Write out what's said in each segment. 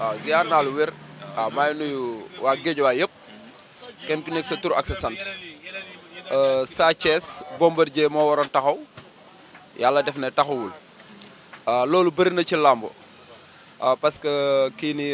waaw ziar naa lu wér waaw maa ngi nuyu waa Géejawaay yëpp kenn ku nekk sa tur ak sa sant euh, Sa Thiès Bombardier moo waroon taxaw yàlla def na taxawul euh, loolu bëri na ci làmb euh, parce que kii ni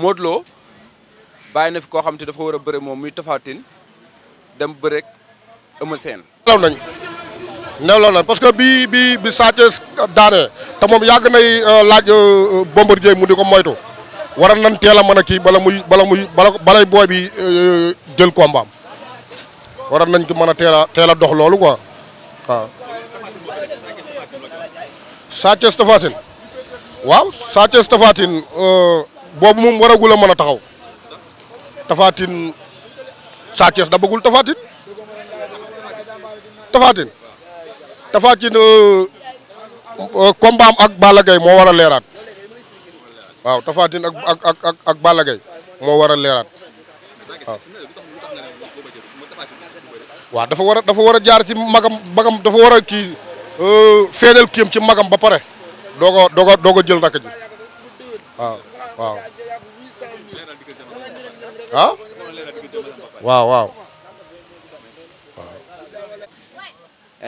Modou Lo bàyyi fi koo xam te dafa war a bëri moom muy Tapha Tine dem bërek Eumeu Sène. nelaw nañ parce que bi bi bi daanee te moom yàgg nay euh, laaj euh, euh, Bombardier mu di ko moytu war nañ teel a mën a kii bala muy bala muy bala balay booy bi jël combat am war nañ ki mën a teel a teel a dox loolu quoi waaw. Sa waaw Sa Thiès boobu moom waragul a mën a taxaw Tapha Tine Sa Thiès da bëggul Euh, combat ak Balla Gaye moo war a leeraat waaw Tapha Tine ak ak ak ak ak Balla moo war a leeraat waaw. waaw dafa war a dafa a jaar ci magam mbagam dafa war a kii euh, feeñal kiyam ci magam ba pare doo ko doo ko doo ko jël rakk ji waaw waaw. Ah?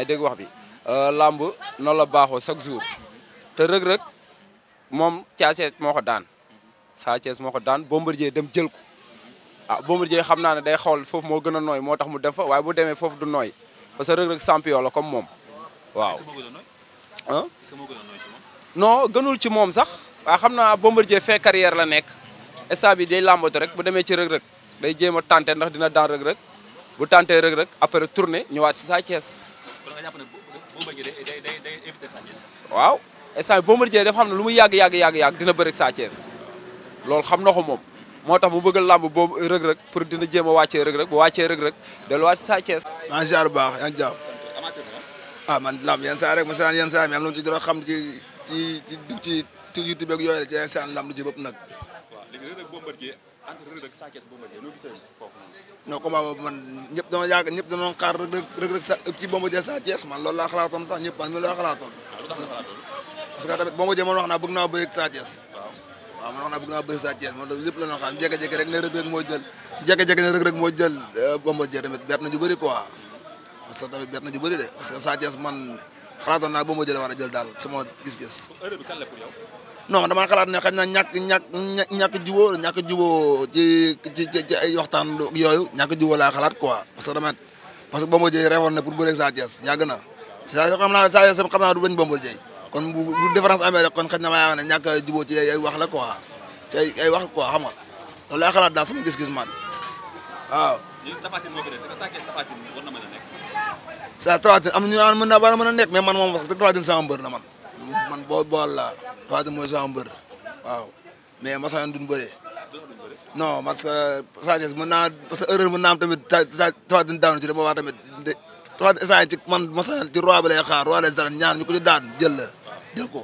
Eh, wax bi. Euh, làmb noonu la baaxoo chaque jour te rëg-rëg moom Sa moo ko daan Sa moo ko daan Bombardier dem jël ko ah Bombardier xam naa ne day xawal foof moo gën a nooy moo tax mu dem fa waaye bu demee foofu du nooy parce que rëg-rëg champion la comme moom waaw ah non gënul ci moom sax waaw xam naa Bombardier fee carrière la nekk instant bi day làmbatu rek bu demee ci rëg-rëg day jéem a tenter ndax dina daan rëg-rëg bu tante rëg-rëg après tourner ñëwaat si Sa Thiès waaw instant bi Bombardier dafa xam ne lu muy yàgg yàgg yàgg yàgg dina bëri Sa Thiès loolu xam na ko moom moo tax mu bëgg làmb boobu rëg-rëg pour dina jéem a wàccee rëg-rëg bu wàccee rëg-rëg delluwaat Sa Thiès en genre baax yaa ngi ah man làmb yenn saa rek ma seetaan yenn saa mi am lu mu ci dara xam ci ci ci dug ci ci YouTube ak yooyu rek ci yenn saa làmb ji bëpp nag non combat boobu man ñëpp dama yàgg ñëpp dama xaar rëg rëg sa kii Bombardier Sa Thiès man loolu laa xalaatoon sax ñëpp man mi laa xalaatoon. Ah, parce que tamit Bombardier man wax naa bëgg naa bëri Sa Thiès. waaw man wax naa bëgg naa bëri Sa Thiès man loolu lépp la ñu xaar jékki-jékki rek ne rëg rëg moo jël jékki-jékki ne rëg rëg moo jël euh, Bombardier tamit bett na ju bëri quoi parce que tamit bett na ju bëri de parce que Sa Thiès man xalaatoon naa boo ma jëlee war a jël daal sama gis-gis. heure bi xalaat ne xëy na ñàkk ñàkk ñàkk jubóo ñàkk jubóo ci ci ci ay waxtaan yooyu ñàkk jubóo laa xalaat quoi parce que dama parce que Bombardier na pour bëreeg Sa Thiès yàgg na Sa Thiès xam naa Sa Thiès xam naa du bañ Bombardier kon bu bu différence kon xëy na maa yaakaar ne ñàkk a jubóo ci wax la quoi ci ay ay gis-gis sa Tapha Tine am na ñu naan a mën a nekk mais man moom wax dëgg la man man boo bool laa Tapha Tine mooy waaw mais masalan duñ bëree non parce que sagesse mën naa naa am tamit Tapha Tine daanu ci dama wax tamit de man masalan ci roi bi lay xaar roi des arènes ñaar daan jël la jël ko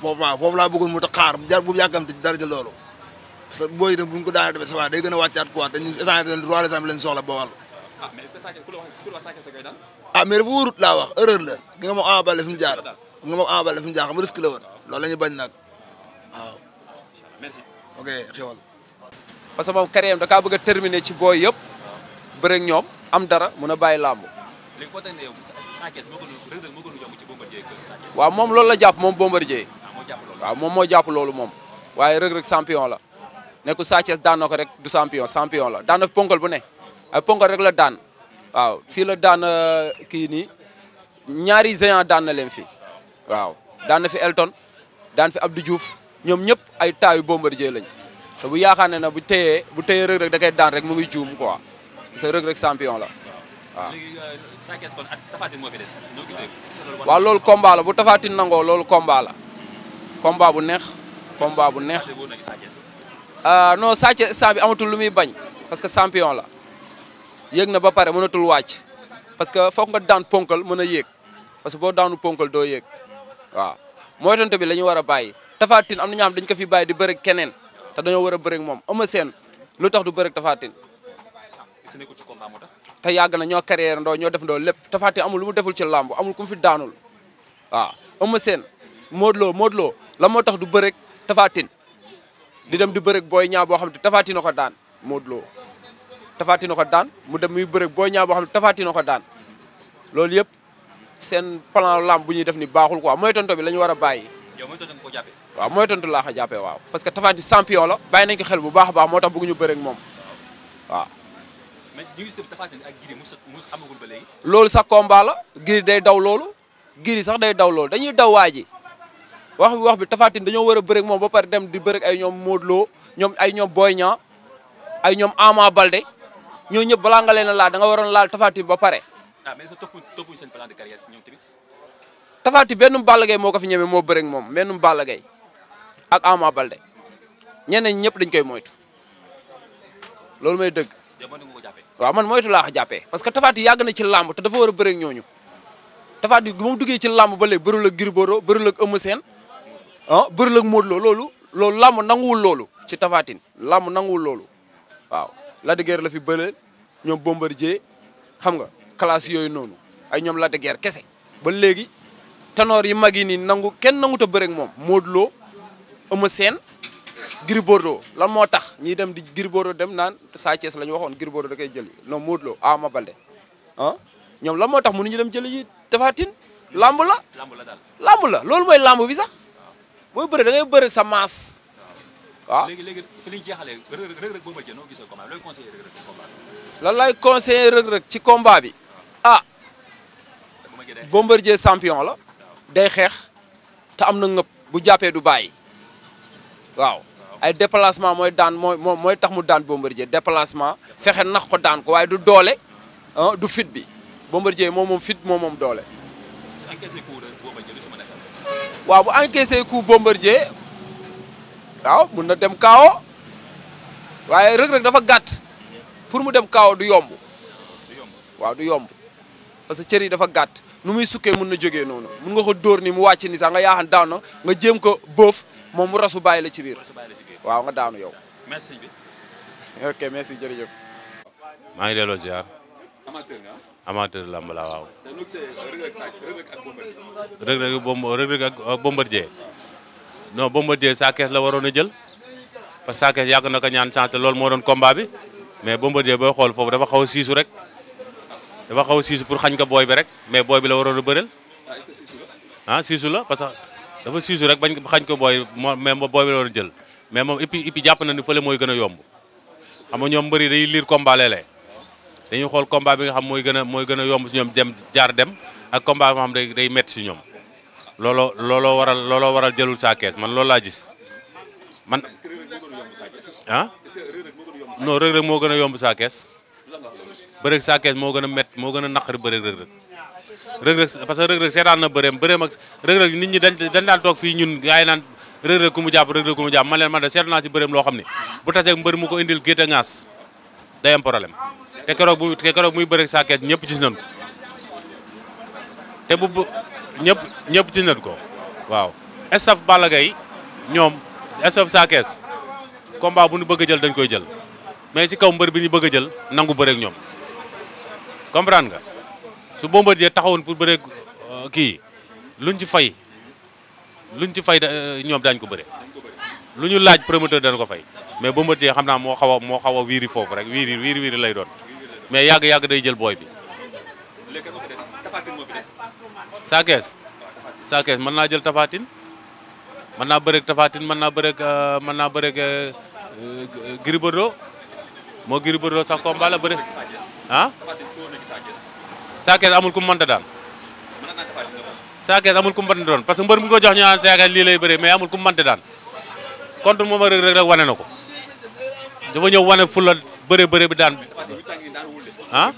foofu waaw foofu laa bëggoon mu tax jar bu yàkkamti dara ci loolu parce que booy dem buñ ko daanee tamit day gën a wàccaat quoi te ñu instant roi des ah mais est-ce la wax ku la wax Sa Thiès koy daan. ah mais dafa wóorut laa wax erreur la gi nga moom jaar gi nga moom Ama jaar xam risque la woon loolu nag waaw. que moom carrière da bëgg a terminer ci booy yëpp. bëre ak am dara mun a bàyyi làmb. léegi a moo gën a moom loolu la jàpp moom Bombardier. Ah, waaw moom moo jàpp loolu moom. waaye Reug Reug champion la nekku Sa Thiès daan na rek du champion champion la daan na ponkal bu ne ay ah, ponko rek la daan waaw fii la daan eh, kii nii ñaari géant daan na leen fi waaw daan na fi Elton daan fi Abdou juuf ñoom ñëpp ay taayu Bombardier lañ bu yaakaar ne na bu téyee bu téyee rek da daan rek mu ngi juum quoi parce que rëg rek champion la waaw. léegi euh, kon ak Tapha Tine moo loolu combat la bu Tapha Tine nangoo loolu combat la bu neex combat bu neex. Ah, non Sa Thiès bi amatul lu muy bañ parce que champion la. yéeg na ba pare mënatul wàcc parce que foog nga daan ponkal mën a yéeg parce que boo daanu ponkal doo yéeg waaw moytante bi la ñu war a bàyyi Tapha Tine am na ñoo dañ ko fi bàyyi di bëri keneen te dañoo war a bëri moom Eumeu Sène lu tax du bëri Tapha Tine te yàgg na ñoo carrière ndoo ñoo def ndoo lépp Tapha Tine amul lu mu deful ci làmb amul ku fi daanul waaw Eumeu Sène Modou Lo la moo tax du bëri Tapha Tine di dem di bëri booy ñaa boo xam te Tapha Tine na daan Modou tafaati na ko daan mu dem muy bëre booy ñaa boo xam ne tafaati na ko daan loolu yëpp seen plan lamb bu ñuy def ni baaxul quoi mooy tonto bi la ñu war a bàyyi. yow mooy ko jàppee. waaw mooy tontu laa ko jàppee waaw parce que tafaati champion la bàyyi nañ ko xel bu baax a baax moo tax bëgguñu bëre ak moom ba léegi. loolu sax combat la day daw loolu giri sax day daw loolu dañuy daw waa ji wax bi wax bi tafaati dañoo war a bëre ak moom ba pare dem di bëre ak ay ñoom Modou Lo ñoom ay ñoom Boy Niang ñoom Ama Balde ñoo ñëpp balaa nga leen a laal da nga waroon laal tafaati ba pare. Ah, sa toppu toppuñu seen plan de carrière ñoom tafaati benn Balla moo ko fi ñeme moo bëreeg moom benn Balla ak Ama Balde ñeneen ñëpp dañ koy moytu loolu may dëgg. waaw man moytu laa ko jàppee parce que tafaati yàgg na ci làmb te dafa war a bëreeg ñooñu. tafaati bu mu duggee ci làmb ba léegi bërul ak Gris Bordeaux bërul ak Eumeu Sène ah bërul ak Modou Lo loolu loolu làmb nanguwul loolu ci tafaatin làmb nanguwul loolu Lac de Guiers la fi bële ñoom Bombardier xam nga classe yooyu noonu ay ñoom Lac de kese ba léegi tanoor yi mag yi nii nangu kenn nangu a bëre moom Modou Lo Eumeu seen Gris Bordeaux lan moo tax ñiy dem di Gris dem naan Sa Thiès la ñu waxoon Gris Bordeaux da koy jëli non Modou Lo Ama Baldé ah ñoom lan moo tax mënuñu dem jëli yi Tapha Tine lamb la lamb la loolu mooy lamb bi sax booy bëre da ngay bëre sa maas waaw ah. léegi léegi fi ñu jeexalee Reug Reug noo gisee combat looy conseiller Reug Reug ci combat bi. lan ci combat bi ah, ah. Bombardier champion la day xeex te am na ngëpp bu jàppee du bàyyi waaw ay déplacement mooy daan mooy mooy tax mu daan Bombardier déplacement fexe nax ko daan ko waaye du doole ah, du fit bi Bombardier moom moom fit moo moom doole. waaw bu encaissé coup Bombardier. waaw mun na dem kaawo waaye rëg-rëg dafa gàtt pour mu dem kaawo du yomb waaw du yomb parce que cër yi dafa gàtt nu muy sukkee mun na jóge noonu mun nga ko dóor ni mu wàcc ni sax nga yaaxan daan na nga jéem ko boof moom mu rasu bàyyi la ci biir waaw nga daanu yow. merci bi. ok maa ngi delloo ziar. Ah? la waaw. Rëg-rëg ak Bombardier. non Bombardier Sa Thiès la waroon a jël parce que Sa Thiès yàgg na ko ñaan chance te loolu moo doon combat bi mais Bombardier boo xool foofu dafa xaw a siisu rek dafa xaw a pour xañ ko booy bi rek mais booy bi la waroon a bëreel ah siisu la parce que dafa siisu bañ xañ ko booy moo mais booy bi la waroon jël mais moom et puis et jàpp na ni fële mooy gën a yomb xam nga ñoom mbëri day liir combat léeg dañuy xool combat bi nga xam mooy gën a mooy gën a yomb si ñoom dem jaar dem ak combat bi nga xam day day métti si ñoom looloo looloo waral looloo waral jëlul saa kees man loolu laa gis man. ah non Reug moo gën a yomb saa kees bëreeg moo gën a mett moo gën a naqari bëreeg Reug Reug Reug Reug parce que Reug Reug seetaan na bëreem bëreem ak Reug Reug nit ñi dañ dañ daan toog fii ñun gars yi naan Reug Reug ku mu jàpp Reug Reug mu jàpp man leen man de seetaan naa ci bëreem loo xam ne bu taseeg mbër mu ko indil gétt a ŋaas day am problème te keroog muy bëreeg saa kees ñëpp gis nañ te bu ñëpp ñëpp ci nañ ko waaw staff Balla ñoom staff Sa Thiès combat bu nu bëgg jël dañ koy jël mais si kaw mbër bi ñu bëgg a jël nangu bëreek ñoom comprendre nga su Bombardier taxawoon pour bëreeg euh, kii luñ ci fay luñ ci fay euh, ñoom daañ ko bëre lu ñu laaj promoteur dañ ko fay mais Bombardier xam naa moo xaw moo xaw a wiiri foofu rek wiiri wiiri wiiri lay doon mais yàgg-yàgg day jël booy bi. Sakess Sakess mën naa jël Tafatine mën naa bëreeg Tafatine mën naa bëreeg euh, mën naa bëreeg euh, euh, Gris Bordeaux moo Gris Bordeaux sax combat la bëre ah Sakess amul ku mu mënta daal doon parce que mbër mu ko jox ñu naan Sakess lii lay bëree mais amul daan contre moom rek rek wane na ko dafa ñëw wane fula bëre bëre bi daan ah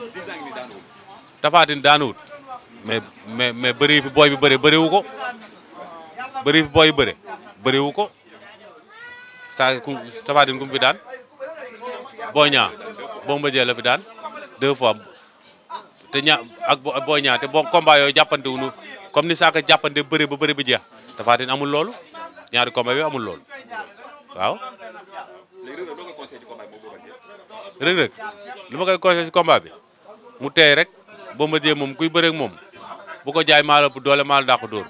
Tafatine daanuwut mais mais mais bëri fi booy bi bëri bëriwu ko bëri fi booy bëri bëriwu ko saa ku Tafatine kum fi daan boo ñaa Bombardier la fi daan deux fois te ña ak booy ñaa te boo combat yooyu jàppante wuñu comme ni saaka jàppante bëri ba bëri bi jeex Tafatine amul loolu ñaari combat bi amul loolu waaw. rëg rëg li ma koy conseillé ci combat bi mu teey rek Bombardier moom kuy bëreeg moom. bu ko jaay maa la doole maa la daa ko dóor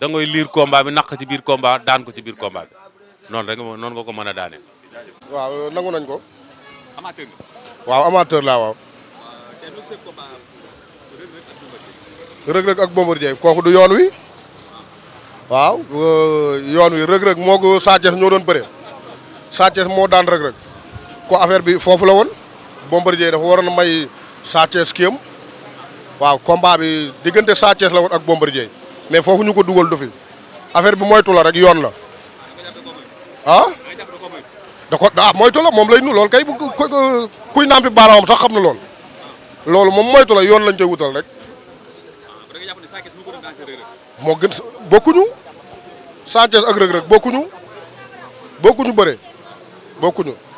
da ngay liir combat bi naq ci biir combat daan ko ci biir combat noonu rek noonu nga ko mën a daanee. waaw nañ ko. amateur waaw amateur laa waaw. kooku du yoon wi waaw euh, yoon wi Reug Reug moo ko Sa ñoo doon bëre Sa moo daan Reug Reug ko affaire bi foofu la woon Bombardier dafa waroon a may Sa Thiès waaw combat bi diggante Sa Thiès la woon ak Bombardier mais foofu ñu ko dugal du fi affaire bi moytula rek yoon la ah da ko ah moom lay nu lool kay bu kuy nampi baaraamam sax xam na lool loolu moom moytu yoon lañ koy wutal rek moo gën bokkuñu Sa Thiès ak Reug Reug bokkuñu bokkuñu bëre bokkuñu